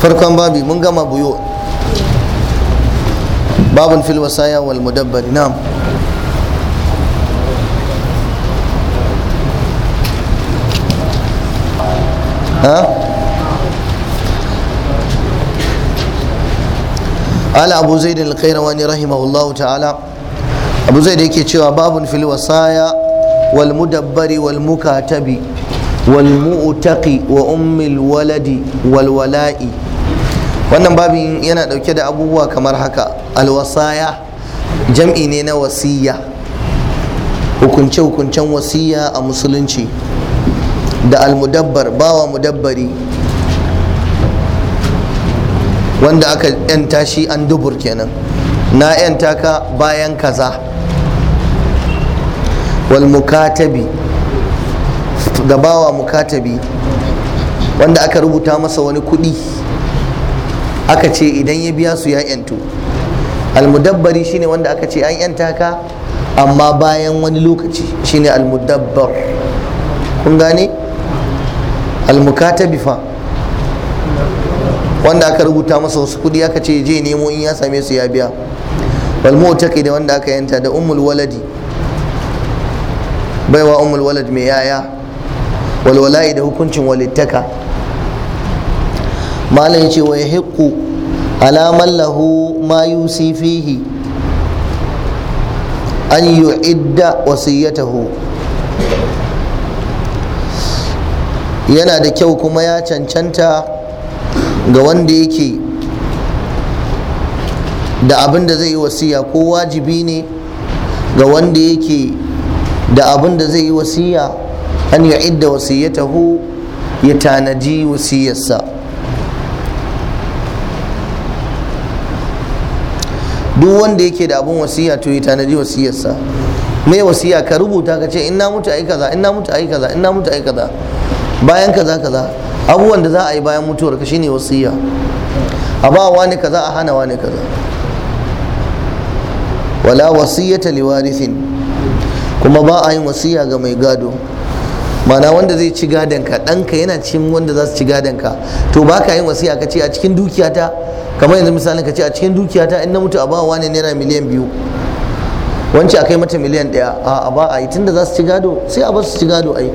farkon babi mun gama buyo babun fil wasaya wal mudabbar na'am ha ala abu zaid al-qayrawani rahimahullahu ta'ala abu yake cewa babun fil wasaya wal mudabbari wal mukatabi wal mu'taqi wa ummil waladi wal wala'i wannan babin yana dauke da abubuwa kamar haka alwasaya jam'i ne na wasiya hukunce-hukuncen wasiya a musulunci da almudabbar bawa mudabbari wanda aka yanta shi an dubur kenan na yanta ka bayan kaza wal mukatabi da bawa mukatabi wanda aka rubuta masa wani kuɗi aka ce idan ya biya su ya yantu almudabbari shine wanda aka ce an yanta ka amma bayan wani lokaci shine almudabbar kun gane almukatabi fa wanda aka rubuta masa wasu kudi aka ce je nemo in ya same su ya biya wal mu'taqi da wanda aka yanta da ummul waladi baiwa ummul walad mai yaya walwala'i da hukuncin walittaka malam ce wa yahiqu ala man lahu ma yusi fihi an yu'idda taho yana da kyau kuma ya cancanta ga wanda yake da abin da zai yi wasiya ko wajibi ne ga wanda yake da abin da zai yi wasiya an ya idda wasiyatahu ya tanaji wasiyarsa duk wanda yake da abun wasiya to yi tanadi wasiyarsa me wasiya ka rubuta ka ce ina mutu ai kaza ina mutu ai kaza ina mutu ai kaza bayan kaza kaza abubuwan da za a yi bayan mutuwar ka shine wasiya a ba wa wani kaza a hana wani kaza wala wasiyata liwarithin kuma ba a yin wasiya ga mai gado mana wanda zai ci gadon ka ɗanka yana cikin wanda za su ci gadon ka to ba ka yin wasiya ka ce a cikin dukiyata kamar yanzu misalin ka ce a cikin dukiyata in na mutu a bawa ne naira miliyan biyu wance a kai mata miliyan ɗaya a a ba a yi tunda za su ci gado sai a ba su ci gado yi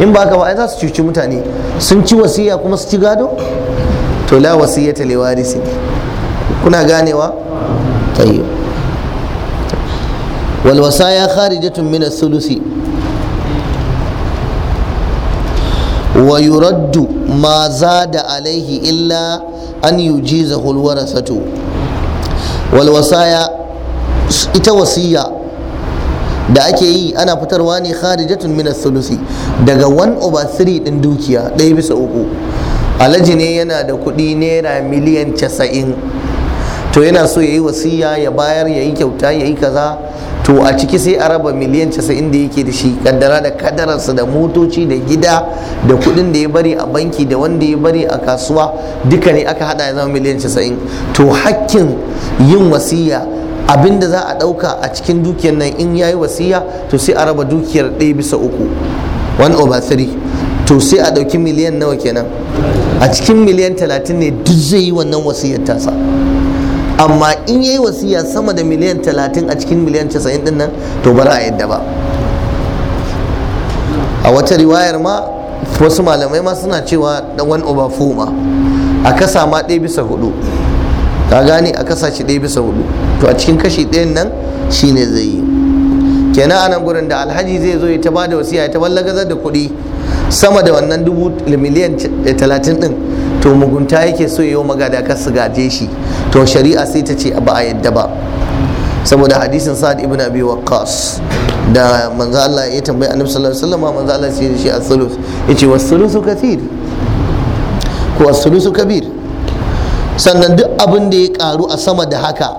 in ba ka ba ai za su cuci mutane sun ci wasiya kuma su ci gado to la wasiyata li warisi kuna ganewa tayyib wal wasaya kharijatum min as-sulusi wa yuraddu ma zada alaihi illa an yujizahu alwarasatu wal ita wasiya da ake yi ana fitarwa ne kharijatun min thuluthi daga 1 over 3 din dukiya ɗaya bisa uku alhaji ne yana da kuɗi naira miliyan 90 to yana so yayi wasiya ya bayar yayi kyauta yayi kaza to a ciki sai a raba miliyan casa'in da yake da shi kaddara da kadararsa da motoci da gida da kuɗin da ya bari a banki da wanda ya bari a kasuwa duka ne aka hada ya zama miliyan casa'in to hakkin yin wasiya abinda za a ɗauka a cikin dukiyar nan in ya yi wasiya to sai a raba dukiyar ɗaya bisa uku one over three. to sai a ɗauki miliyan nawa kenan a cikin miliyan talatin ne duk zai yi wannan wasiyar tasa amma in yayi wasiya sama da miliyan talatin a cikin miliyan casa'in din nan to ba za a yadda ba a wata riwayar ma wasu malamai ma suna cewa da one over four ma a kasa ma ɗaya bisa hudu ka gani a kasa shi ɗaya bisa hudu to a cikin kashi ɗayan nan shine zai yi kenan a nan gurin da alhaji zai zo ya ta bada wasiya ya ta ballagazar da kuɗi sama da wannan dubu miliyan talatin ɗin to mugunta yake so yi magada ka su gaje shi to shari'a sai ta ce ba a yadda ba saboda hadisin sa'ad ibn abi waqqas da manzo Allah ya tambayi annabi sallallahu alaihi wasallam manzo Allah sai ya ce as-sulus yace was-sulusu kathir ko as-sulusu kabir sannan duk abin da ya karu a sama da haka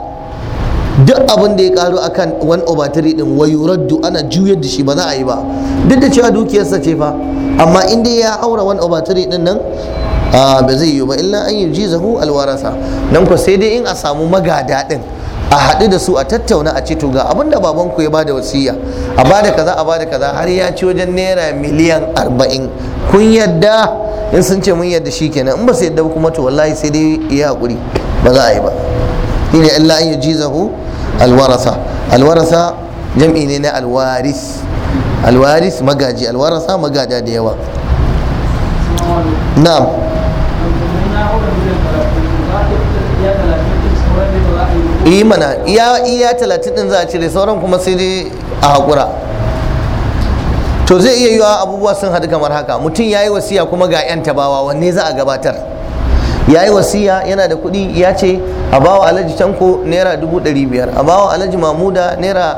duk abin da ya karu akan 1 over 3 din wa yuraddu ana juyar da shi ba za a yi ba duk da cewa dukiyarsa ce fa amma in dai ya haura 1 over 3 din nan ba zai yi ba illa an yi jizahu alwarasa nan ku sai dai in a samu magada din a haɗu da su a tattauna a ce to ga abinda babanku ya bada wasiya a bada kaza a bada kaza har ya ci wajen naira miliyan arba'in kun yadda in sun ce mun yadda shi kenan in ba su yadda kuma to wallahi sai dai ya haƙuri ba za a yi ba ne illa an yujizahu alwarasa alwarasa jam'i ne na alwaris alwaris magaji alwarasa magada da yawa na'am yi eh mana iya talatin din za a cire sauran kuma sai dai a hakura. to zai iya yiwa abubuwa sun haɗu kamar haka mutum ya yi wasiya kuma ga 'yan tabawa wanne za a gabatar ya yi wasiya yana da kuɗi ya ce a bawa alhaji tanko naira dubu ɗari biyar a bawa alhaji mamuda naira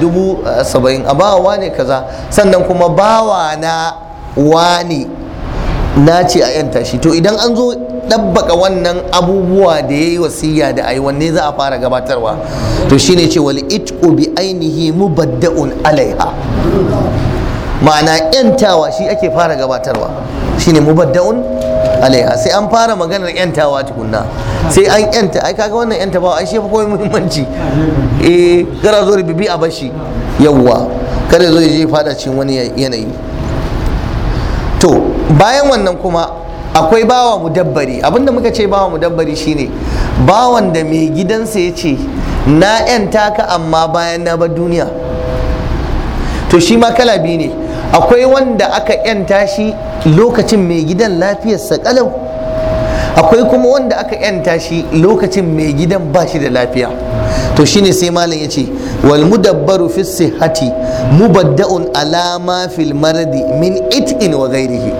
dubu saba'in a bawa wane kaza sannan kuma bawa na wane na ce a yanta shi to idan an zo ɗabbaka wannan abubuwa da ya yi wasiya da ai wanne za a fara gabatarwa to shi ne ce wali it'u bi ainihi mubadda'un alaiha ma'ana yantawa shi ake fara gabatarwa shi mu mubadda'un alaiha sai an fara maganar yantawa tukunna sai an yanta ai kaga wannan yanta ba ai shi fa koyi muhimmanci eh gara zo bibi a bashi yawwa kada zo ya je fada cikin wani yanayi to bayan wannan kuma akwai bawa dabbari abinda muka ce bawa dabbari shine bawan da mai gidansa ya ce na yan taka amma bayan na bar duniya to shi ma kala biyu ne akwai wanda aka 'yan shi lokacin mai gidan lafiyarsa kalau akwai kuma wanda aka 'yanta shi lokacin mai gidan ba shi da lafiya to shine sai malam ya ce wal mudabbaru fi sihhati mubadda'un ala ma fil maradi min it'in wa ghairihi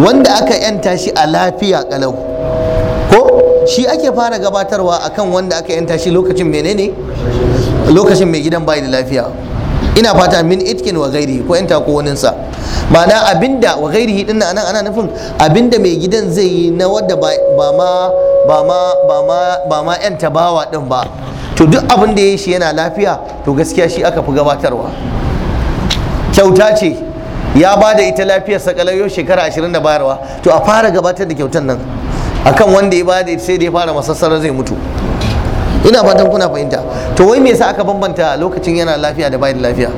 wanda aka yanta shi a lafiya kalau ko shi ake fara gabatarwa akan wanda aka yanta shi lokacin menene lokacin mai gidan bai da lafiya ina fata min itkin wa gairihi ko yanta ko sa, ma'ana abinda wa gairihi din nan ana nufin abinda mai gidan zai yi na wadda ba ma ba ma ba ma ba ma yanta bawa din ba to duk abin da ya yi shi yana lafiya to gaskiya shi aka fi gabatarwa kyauta ce ya ba da ita lafiyar yau shekara ashirin da bayarwa to a fara gabatar da kyautan nan akan wanda ya ba da sai da ya fara masassara zai mutu ina fatan kuna fahimta to wai me yasa aka bambanta lokacin yana lafiya da bai lafiya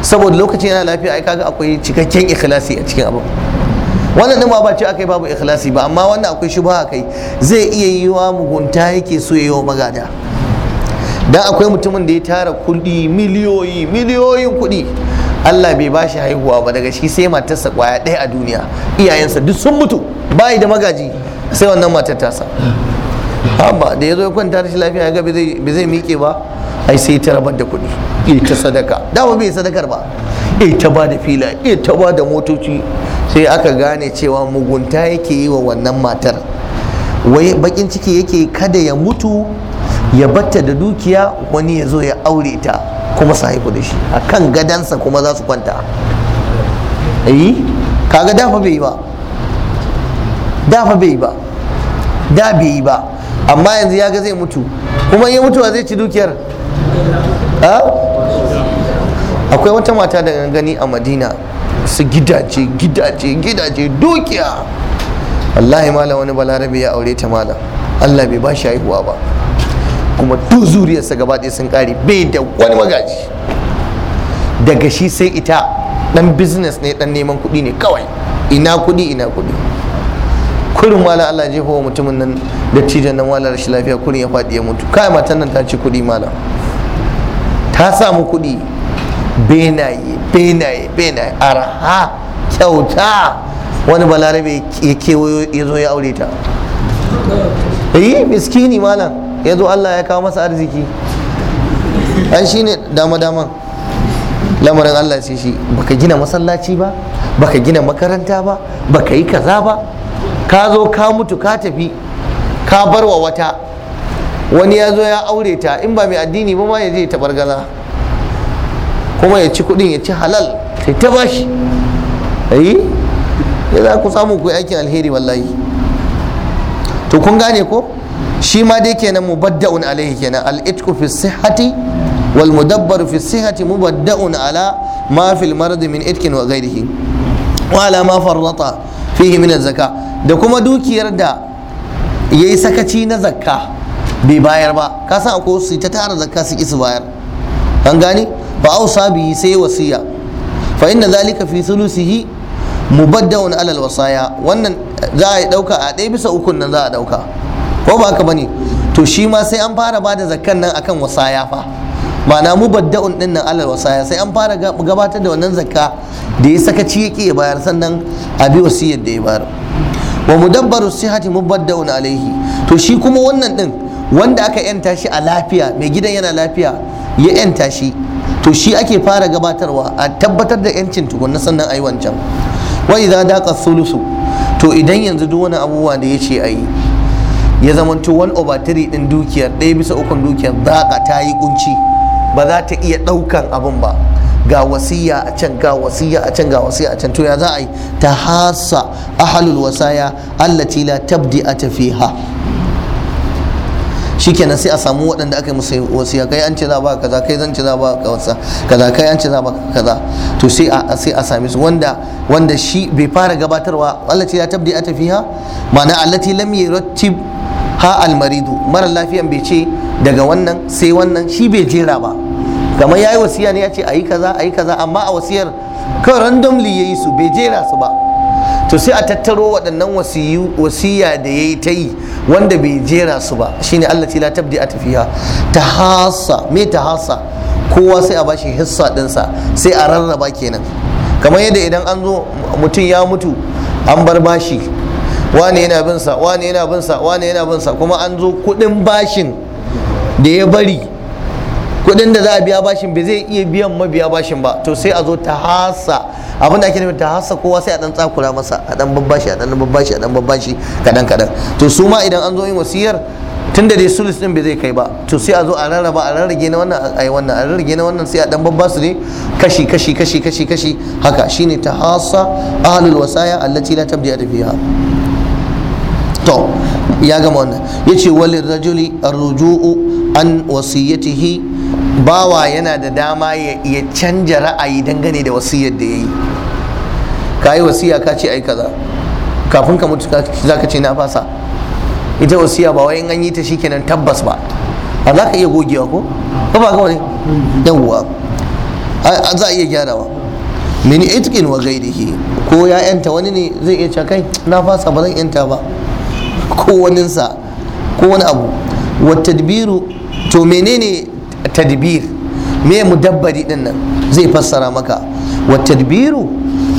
saboda lokacin yana lafiya ai kaga akwai cikakken ikhlasi a cikin abin wannan din ba ce akai babu ikhlasi ba amma wannan akwai shubha kai zai iya yiwa mugunta yake so yayi wa magada dan akwai mutumin da ya tara kuɗi miliyoyi miliyoyin kuɗi Allah bai bashi haihuwa ba daga shi sai matarsa kwaya ɗaya a duniya iyayensa duk sun mutu bayi da magaji sai wannan matar tasa amma da ya zo ya kwanta rashin lafiya ya ga bai zai miƙe ba ai sai ta rabar da kuɗi ita sadaka dama bai sadakar ba ita ba da fila ita ba da motoci sai aka gane cewa mugunta yake yi wa wannan matar wai bakin ciki yake kada ya mutu ya batta da dukiya wani ya zo ya aure ta kuma su haifu da shi a kan gadansa kuma za su kwanta yi kaga dafa bai yi ba dafa bai yi ba da bai yi ba amma yanzu ya ga zai mutu kuma ya mutuwa zai ci dukiyar akwai wata mata da gani a madina su gidaje gidaje gidaje dukiya wallahi mala wani balarabe ya aure ta mala allah bai ba shi haihuwa ba kuma duk zuriyarsa gaba ɗaya sun ƙare bai da wani magaji daga shi sai ita dan business ne dan neman kuɗi ne kawai ina kuɗi ina kuɗi kurin mala Allah ya jefa mutumin nan da tijan nan wala rashin lafiya kurin ya faɗi ya mutu kai matan nan ta ci kuɗi mala ta samu kuɗi benaye benaye benaye arha kyauta wani balarabe ya kewayo ya zo ya aure ta eh miskini malam ya zo Allah ya kawo masa arziki an shi ne dama-daman lamarin Allah sai shi baka gina masallaci ba baka gina makaranta ba baka yi kaza ba ka zo ka mutu ka tafi ka bar wata wani ya zo ya aure ta in ba mai addini ba ma ya je gaza kuma ya ci kudin ya ci halal sai ta bashi ayi ya za ku samu ku aikin alheri wallahi to kun gane ko shi ma dai kenan mubadda'un alaihi kenan alitku itqu fi sihhati wal mudabbaru fi mu badda'un ala ma fil marad min itqin wa ghairihi wa ala ma farrata fihi min az-zaka da kuma dukiyar da yayi sakaci na zakka bai bayar ba ka san akwai su ta tara zakka su isa bayar an gane ba ausa bi sai wasiya fa inna zalika fi thulusihi mubadda'un ala al-wasaya wannan za a dauka a ɗaya bisa ukun nan za a dauka ko ba haka bane to shi ma sai an fara bada zakkan nan akan wasaya fa ma'ana mu badda'un din nan alal wasaya sai an fara gabatar da wannan zakka da ya sakaci yake ya bayar sannan a bi wasiyar da ya bayar wa mudabbaru sihati mubadda'un alaihi to shi kuma wannan din wanda aka yanta shi a lafiya mai gidan yana lafiya ya yanta shi to shi ake fara gabatarwa a tabbatar da yancin tukunna sannan a yi wancan wa idza daqa thulusu to idan yanzu duk wani abubuwa da ya yace ayi ya zamanto 1 over 3 din dukiyar ɗaya bisa ukun dukiyar zaka ta yi kunci ba za ta iya ɗaukan abin ba ga wasiya a can ga wasiya a can ga wasiya a can to ya za a yi ta hasa ahalul wasaya allati la tabdi a tafiha shikenan sai a samu waɗanda aka yi musu wasiya kai an ce za ba kaza kai zan ce za ba kaza kaza kai an ce za ba kaza to sai a sai a same su wanda wanda shi bai fara gabatarwa allati la tabdi a tafiha ma'ana allati lam yurattib ha almaridu mara lafiyan bai ce daga wannan sai wannan shi bai jera ba kamar yayi wasiya ne ya ce ayi kaza ayi kaza amma a wasiyar kawai randomly yi su bai jera su ba to sai a tattaro waɗannan wasiya da ya yi ta yi wanda bai jera su ba shine Allah la tabdi a tafiya ta hasa me ta hasa kowa sai a bashi hissa ɗinsa sai a rarraba kenan kamar yadda idan an zo mutum ya mutu an bar bashi wani yana bin sa wani yana bin sa wani yana bin sa kuma an zo kudin bashin da ya bari kudin da za a biya bashin bai zai iya biyan mabiya bashin ba to sai a zo ta hasa abin da ake nufi ta hasa kowa sai a dan tsakura masa a dan babbashi a dan babbashi a dan babbashi kadan kadan to su ma idan an zo yin wasiyar tun da dai sulus din bai zai kai ba to sai a zo a rarraba a rarrage na wannan a yi wannan a rarrage na wannan sai a dan babba su ne kashi kashi kashi kashi kashi haka shine ta hasa ahlul wasaya allati la tabdi'a fiha to ya gama wannan ya ce walin rajuli ruju'u an wasiyyatihi bawa yana da dama ya canja ra'ayi dangane da wasiyyar da ya yi ka yi wasiya ka ce ai kaza kafin ka mutu za ka ce na fasa ita wasiya ba wai an yi ta shikenan tabbas ba a za ka iya gogewa ko ba ba ga wani yawwa za a iya gyarawa min itkin wa ghayrihi ko ya yanta wani ne zai iya cakai? kai na fasa ba zan yanta ba ko waninsa ko wani abu wa tadbiru to menene tadbir me mudabbari din nan zai fassara maka wa tadbiru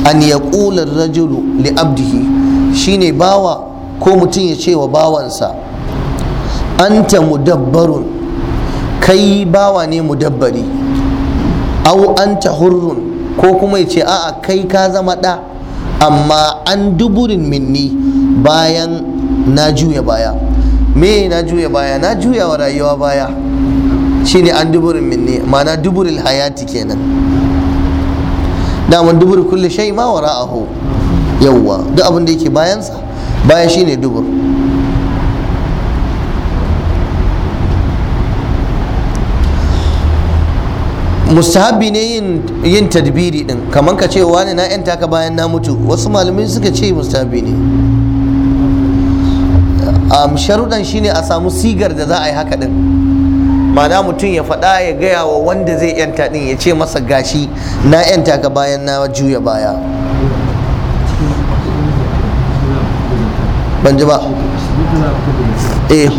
an ya ar-rajulu li abdihi shine bawa ko mutum ya ce wa bawansa anta mudabbarun kai bawa ne mudabbari au anta hurrun ko kuma ya ce a'a kai ka zama da amma an duburin minni bayan na juya baya me na juya baya na juya wa rayuwa baya shine an duburin minni ma'ana duburin hayati kenan daman dubur kulli shai ma wa wara'ahu yawwa duk abin yake bayansa baya shine dubur mustahabi ne yin tadbiri din kamar ka ce wani na 'yan taka bayan na mutu wasu malamai suka ce mustahabi ne sharuɗan shine a samu sigar da za a yi haka din mana mutum ya faɗa ya gaya wa wanda zai yanta din ya ce masa gashi na yanta ka bayan na juya baya ban ji ba eh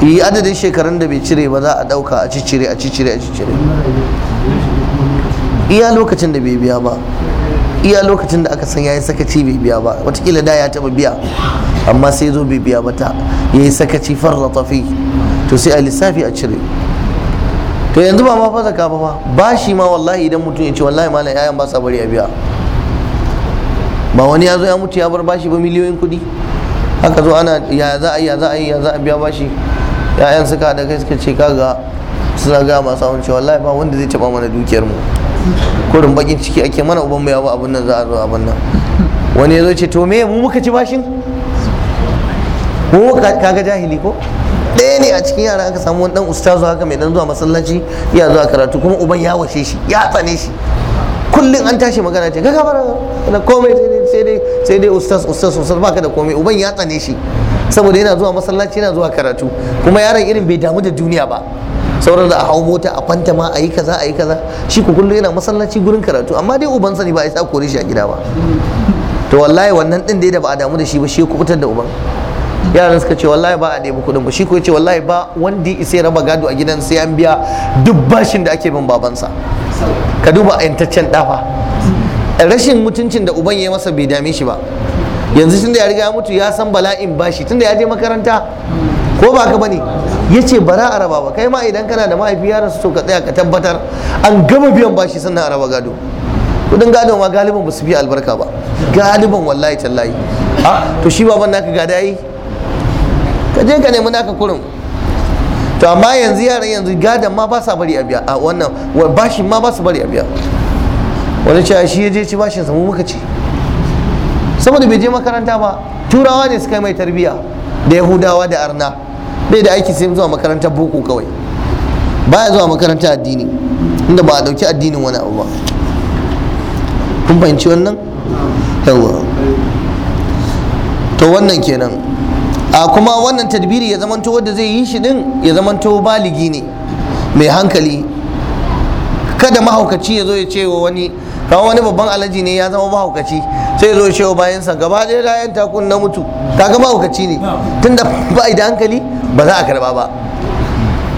yi adadin shekarun da bai cire ba za a dauka a cicire a cicire a cicire iya lokacin da bai biya ba iya lokacin da aka san yayi sakaci bai biya ba watakila da ya taba biya amma sai zo bai biya ya yayi sakaci farrata fi to sai a lissafi a cire to yanzu ba ma fasaka ba ba bashi ma wallahi idan mutum ya ce wallahi malam yayan ba sa bari a biya ba wani ya zo ya mutu ya bar bashi ba miliyoyin kuɗi haka zo ana ya za a yi ya za a yi ya za a biya bashi yayan suka da kai suka ce kaga suna ga masu awon cewa wallahi ba wanda zai taba mana dukiyar mu kurin bakin ciki ake mana uban mai abu abun nan za a zo abun nan wani ya zo ce to me mu muka ci bashin mu kaga jahili ko ɗaya ne a cikin yara aka samu wani dan ustazu haka mai dan zuwa masallaci ya zuwa karatu kuma uban ya washe shi ya tsane shi kullum an tashi magana ce kaga bara da komai sai dai sai dai ustaz ustaz ustaz baka da komai uban ya tsane shi saboda yana zuwa masallaci yana zuwa karatu kuma yaron irin bai damu da duniya ba sauran da a hau mota a kwanta ma a yi kaza a yi kaza shi ku kullum yana masallaci gurin karatu amma dai uban sani ba a sa kore shi a gida ba to wallahi wannan din dai da ba a damu da shi ba shi ya kubutar da uban yaran suka ce wallahi ba a nemi kuɗin ba shi ko ya ce wallahi ba wanda ya raba gado a gidan sai an biya duk bashin da ake bin babansa ka duba yantaccen dafa rashin mutuncin da uban ya masa bai dame shi ba yanzu tunda ya riga ya mutu ya san bala'in bashi tunda ya je makaranta ko ba ka bane ya ce ba a raba ba kai ma idan kana da mahaifi yaran su ka tsaya ka tabbatar an gama biyan bashi sannan a raba gado kudin gado ma galiban ba su biya albarka ba galiban wallahi tallahi a to shi baban naka gada yi ka je ka nemi naka kurin to amma yanzu yaran yanzu gadon ma ba sa bari a biya a wannan bashin ma ba su bari a biya wani ce shi ya je ci bashin samu muka ce. saboda bai je makaranta ba turawa ne suka yi mai tarbiyya da yahudawa da arna bai da aiki sai zuwa makaranta boko kawai baya zuwa makaranta addini inda ba a dauki addinin wani abu ba kun fahimci wannan yawa to wannan kenan a kuma wannan tadbiri ya zamanto wanda zai yi shi din ya zamanto baligi ne mai hankali kada mahaukaci ya zo ya ce wa wani kawo wani babban alaji ne ya zama mahaukaci sai zo shewa bayan sa gaba ɗaya da yan takun na mutu gama mahaukaci ne tunda ba da hankali ba za a karba ba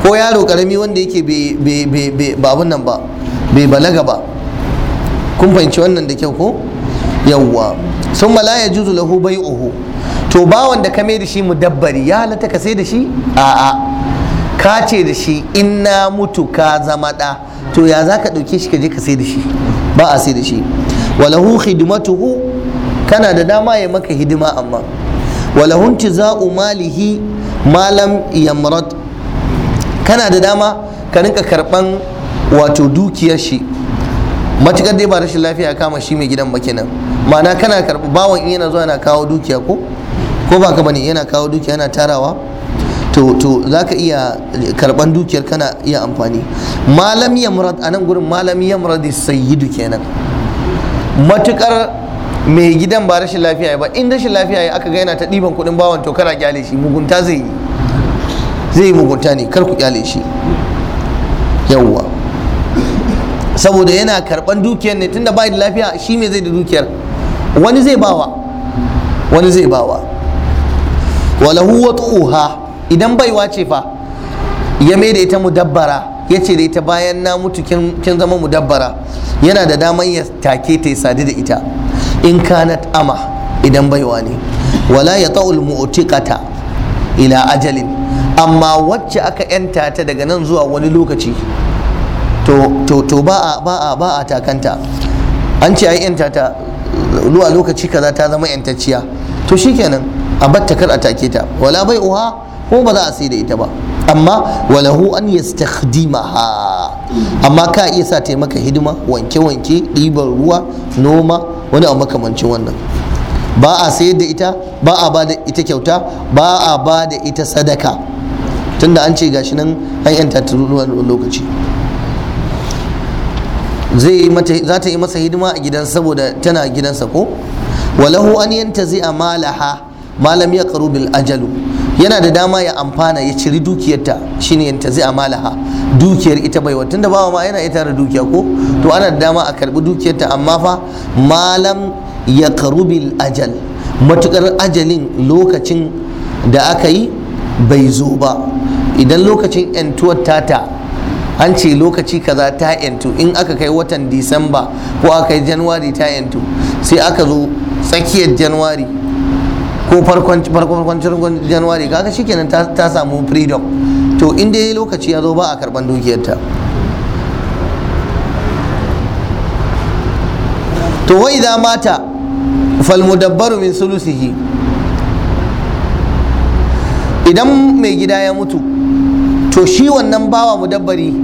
ko yaro karami wanda yake babun nan ba bai balaga ba kun fahimci wannan da kyau ko yawwa sun mala ya juzu lahu bai oho to bawan da ka mai da shi dabbari ya halatta ka sai da shi a'a ka ce da shi in na mutu ka zama ɗa to ya za ka ɗauke shi ka je ka sai da shi ba a sai da shi walahu khidmatuhu kana da dama ya maka hidima amma walahu tiza'u malihi malam yamrat kana da dama ka rinka karban wato dukiyar shi matukar dai ba rashin lafiya kama shi mai gidan ba kenan ma'ana kana karba, bawan in yana zuwa yana kawo dukiya ko ko ba ka bane yana kawo dukiya yana tarawa to to zaka iya karban dukiyar kana iya amfani malam yamrad anan gurin malam yamrad sayyidu kenan matukar mai gidan ba rashin lafiya ba in rashin lafiya ya aka gaina ta ɗiban kuɗin bawan to kana kyale shi mugunta zai yi zai yi mugunta ne kar ku kyale shi yawwa saboda yana karɓan dukiyar ne tunda bai da lafiya shi me zai da dukiyar wani zai bawa wani zai bawa walahu wa idan baiwa ce fa ya mai da ita mudabbara ya ce da ita bayan na mutu kin zama mudabbara yana da damar ya take ta yi sadu da ita in kanat ama idan baiwa ne wala ya ta'ul mu'tiqata ila ajalin amma wacce aka yanta ta daga nan zuwa wani lokaci to ba a ba a ba a takanta an ce ai yanta ta zuwa lokaci kaza ta zama yantacciya to kenan a batta kar a take ta wala bai uha ko ba za a sai da ita ba amma walahu an yastakhdimaha amma ka iya sa ta maka hidima wanke wanke ɗiban ruwa noma wani abu makamancin wannan ba a sayar da ita ba a ba da ita kyauta ba a ba da ita sadaka tunda an ce gashi nan an yanta lokaci zai za ta yi masa hidima a gidansa saboda tana gidansa ko walahu an yanta zai a malaha malam ya karu bil ajalu yana da dama ya amfana ya ciri dukiyarta shine yanta zai amalaha dukiyar ita baiwa tunda bawa ma yana ita da dukiya ko to ana da dama a karbi dukiyarta amma fa malam ya karubil ajal matukar ajalin lokacin da aka yi bai zo ba idan lokacin yantuwar tata an ce lokaci kaza ta yantu in aka kai watan disamba ko aka yi januwari ta yantu sai aka zo tsakiyar januwari ko farkon farkon januwari kaga shikenan ta samu freedom to in dai lokaci ya zo ba a karban dukiyarta to wai za mata fal min sulusihi idan mai gida ya mutu to shi wannan bawa mudabbari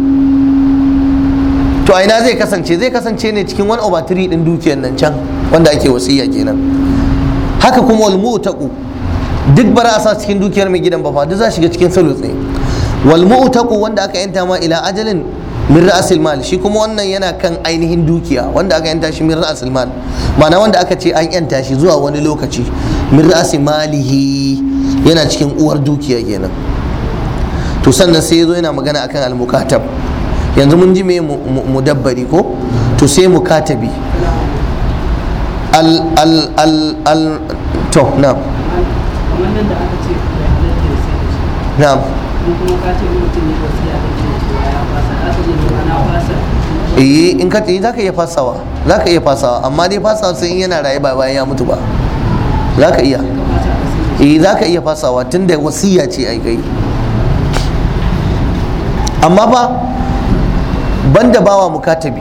to aina zai kasance zai kasance ne cikin wani over din dukiyar nan can wanda ake wasiya kenan haka kuma wal mu'taqu duk bara a sa cikin dukiyar mai gidan ba fa duk za shiga cikin sulutsi wal mu'taqu wanda aka yanta ma ila ajalin min ra'asil mal shi kuma wannan yana kan ainihin dukiya wanda aka yanta shi min ra'asil mal ma'ana wanda aka ce an yanta shi zuwa wani lokaci min ra'asil malihi yana cikin uwar dukiya kenan to sannan sai yazo yana magana akan al-mukatab yanzu mun ji me mudabbari ko to sai mukatabi al al al al to na'am na'am eh in ka za ka iya fasawa Za ka iya fasawa amma dai fasawa sai yana raye ba bayan ya mutu ba Za ka iya eh, Za ka iya fasawa tunda wasiya ce ai kai amma fa banda bawa mukatabi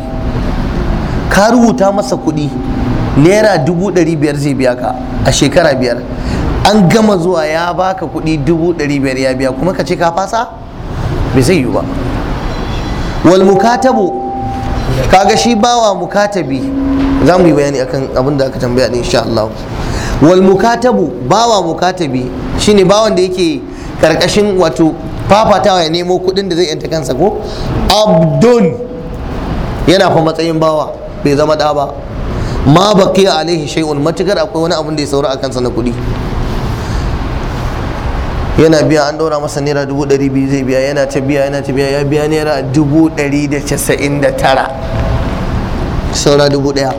ka rubuta masa kuɗi naira dubu ɗari biyar zai biya ka a shekara biyar an gama zuwa ya baka kuɗi dubu ɗari biyar ya biya kuma ka ce ka fasa bai zai yi ba wal mukatabu kaga shi bawa mukatabi za mu yi bayani akan abin da aka tambaya ne insha Allah wal mukatabu bawa mukatabi shine bawan da yake karkashin wato fafatawa ya nemo kuɗin da zai yanta kansa ko abdun yana fa matsayin bawa bai zama da ba ma baqi alaihi shay'un matukar akwai wani abin da ya saura a kansa na kuɗi yana biya an ɗora masa naira dubu ɗari biyu zai biya yana ta biya yana ta biya ya biya naira dubu ɗari da casa'in da tara saura dubu ɗaya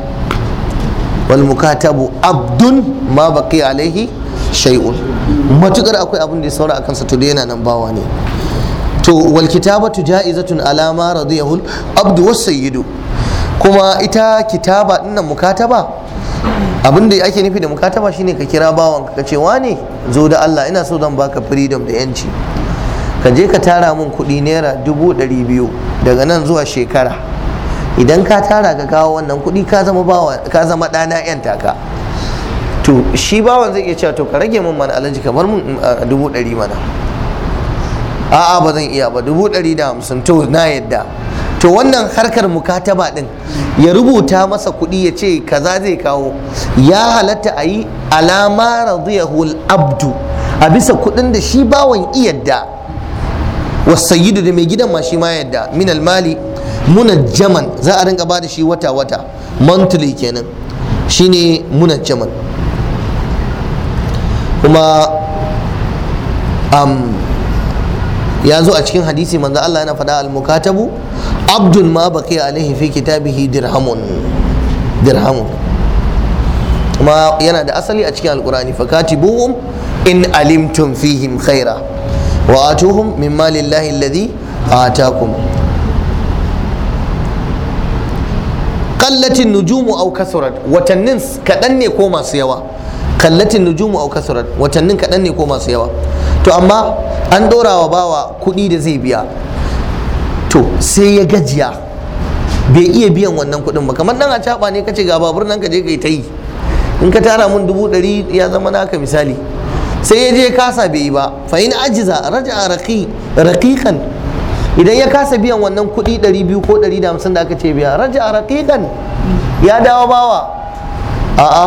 wal mukatabu abdun ma baqi alaihi shay'un matukar akwai abin da ya saura a kansa to da yana nan bawa ne to wal kitabatu ja'izatun alama radiyahul abdu was sayyidu kuma ita kitaba dinnan mukataba abin da ake nufi da mukataba shine ka kira bawan ka ce wane zo da Allah ina so zan baka freedom da yanci ka je ka tara mun kuɗi naira dubu ɗari biyu daga nan zuwa shekara idan ka tara ka kawo wannan kuɗi ka zama bawa ka zama ɗana yan taka to shi bawan zai iya cewa to ka rage mun mana alaji kamar mun dubu ɗari mana a'a ba zan iya ba dubu ɗari da hamsin to na yadda to wannan harkar mukataba din ya rubuta masa kuɗi ya ce kaza zai kawo ya halatta a yi alama radiyahul abdu a bisa kuɗin da shi bawan iyadda yi da mai gidan ma shi ma yadda min almali munajjaman za a rinka bada shi wata wata monthly kenan shine munajjaman kuma ya zo a cikin hadisi manzo Allah yana faɗa al-mukatabu abdul ma baqi alaihi fi kitabihi dirhamun dirhamun kuma yana da asali a cikin alkurani fakatibuhum in alimtum fihim khaira wa atuhum min malillahi alladhi atakum kallatin nujumu au kasurat watannin kaɗan ne ko masu yawa kallatin nujumu au kasurat watannin kadan ne ko masu yawa to amma an ɗora wa bawa kuɗi da zai biya to sai ya gajiya bai iya biyan wannan kuɗin ba kamar nan a caɓa ne kace ga babur nan ka je kai ta yi in ka tara mun dubu ɗari ya zama naka misali sai ya je kasa bai yi ba fa in ajiza raja raqi raqiqan idan ya kasa biyan wannan kuɗi ɗari biyu ko ɗari da hamsin da aka ce biya raja raqiqan ya dawo bawa a'a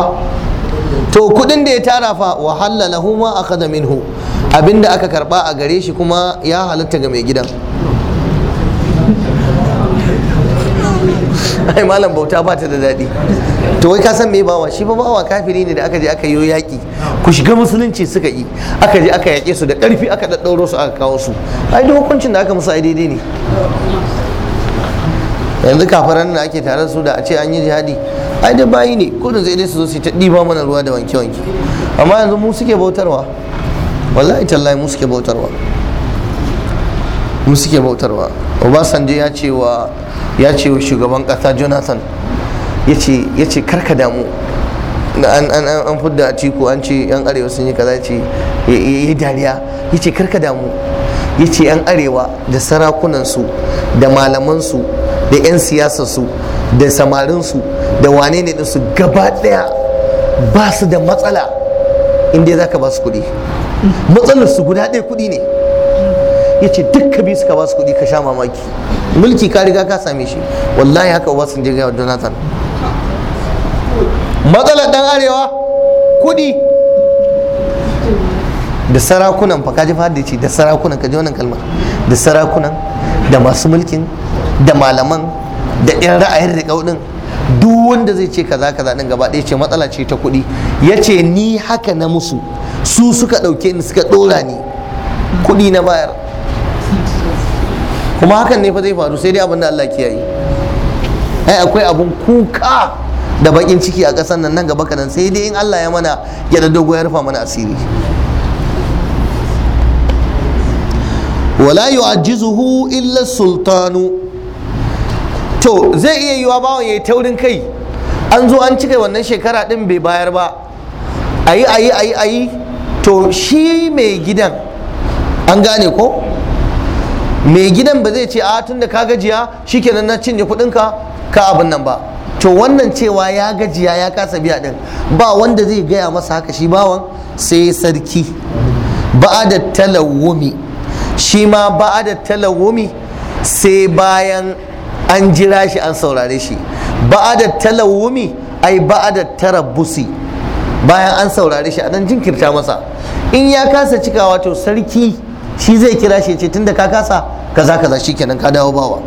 to kudin da ya tara fa wa halalahu ma akhadha minhu abinda aka karba a gare shi kuma ya halatta ga mai gidan ai malam bauta ba ta da daɗi to wai ka san me bawa shi ba bawa kafiri ne da aka je aka yi yaƙi ku shiga musulunci suka yi aka je aka yaƙe su da ƙarfi aka daddauro su aka kawo su ai duk hukuncin da aka musu ai daidai ne yanzu kafaran da ake tare su da a ce an yi jihadi ai da bayi ne da zai dai su zo su ta ɗiba mana ruwa da wanke-wanke amma yanzu mu suke bautarwa wallahi tallahi mu suke bautarwa mu suke bautarwa obasanjo ya ce wa ya ce wa shugaban kasa jonathan ya ce karka damu an fudda a ciko an ce yan arewa sun yi kaza ce ya yi dariya ya ce karka damu ya ce yan arewa da sarakunansu da malamansu da 'yan siyasarsu da samarinsu da wane ne su gaba daya ba su da matsala inda za ka ba su kuɗi matsalarsu guda ɗaya kuɗi ne ya ce dukka biyu suka ba su kuɗi ka sha mamaki mulki ka riga ka same shi wallahi haka obasanjo ga jonathan matsalar dan arewa kuɗi da sarakunan fa kaji fa ce da sarakunan ka ji kalmar da sarakunan da masu mulkin da malaman da yan ra'ayin da kaudin duk wanda zai ce kaza kaza din gaba ɗaya ce matsala ce ta kuɗi ya ce ni haka na musu su suka ɗauke ni suka ɗora ni kuɗi na bayar kuma hakan ne fa zai faru sai dai abin da Allah kiyaye ai akwai abun kuka da bakin ciki a ƙasar nan nan gaba kanan sai dai in Allah ya mana ya da dogo ya rufa mana asiri wala yu'ajjizuhu illa sultanu to zai iya yiwa bawan yayi taurin kai an zo an cika wannan shekara din bai bayar ba ayi ayi ayi ayi to shi mai gidan an gane ko mai gidan ba zai ce a tun da ka gajiya shi shikenan na cinye kudinka ka abin nan ba to wannan cewa ya gajiya ya kasa biya din ba wanda zai gaya masa haka shi bawan sai sarki ba da talawumi shi ma ba da talawumi sai bayan an jira shi an saurare shi Ba da talawumi ai ba da tarabusi bayan an saurare shi a anan jinkirta masa in ya kasa cikawa to sarki shi zai kira shi ce tunda ka kasa kaza kaza shikenan ka dawo bawa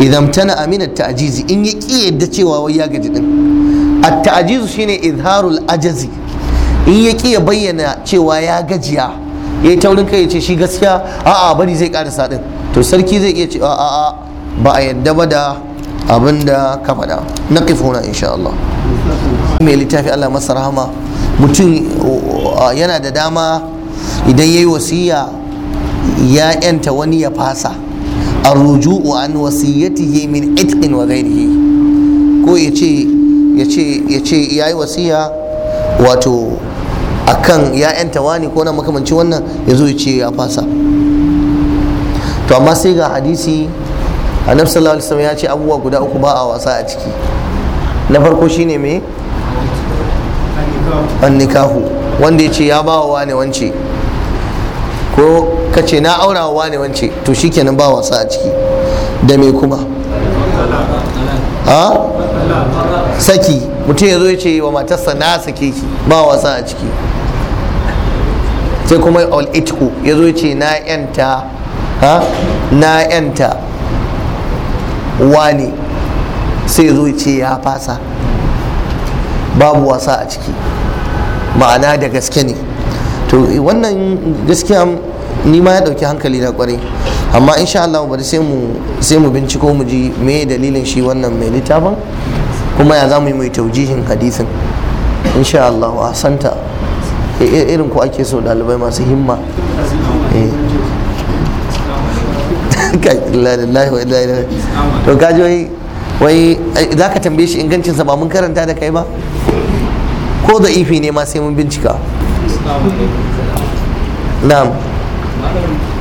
idan tana amina ta'ajizi in ya ki yadda cewa wai ya gaji din at ta'ajizu shine izharul ajazi in ya ki ya bayyana cewa ya gajiya yayi taurin kai ya ce shi gaskiya a'a bari zai karasa din to sarki zai iya ce a'a ba a yadda ba da abin da ka faɗa na huna insha Allah mai littafi Allah masa mutum uh, yana da dama idan ya yi wasiya ya yanta wani ya fasa wa an wasiyyatihi min itqin wa ghairihi ko yace yace yace yayi wasiya wato akan ya yanta wani ko na makamanci wannan yazo yace ya fasa to amma sai ga hadisi annabi sallallahu alaihi ya ce abubuwa guda uku ba a wasa a ciki na farko shine me An-nikahu wanda ya ce ya ba wa wani wance ko ka ce na aura wa ne wance to shikenan ba wasa a ciki da me kuma saki mutum ya zo ya ce wa matarsa na sake ki ba wasa a ciki sai kuma al'itku ya zo ya ce na yanta ha na yanta wane sai ya zo ya ce ya fasa babu wasa a ciki ma'ana da gaske ne to wannan gaskiya ni ma ya dauki hankali na kwarai amma insha Allah bari sai mu sai mu binciko mu ji me dalilin shi wannan mai littafin kuma ya zamu yi mai taujihin hadisin insha Allah a santa e, e, irin ku ake so dalibai masu himma eh. to kaji wai wai za ka tambaye shi ingancinsa ba mun karanta da kai ba ko da ifi ne ma sai mun bincika na'am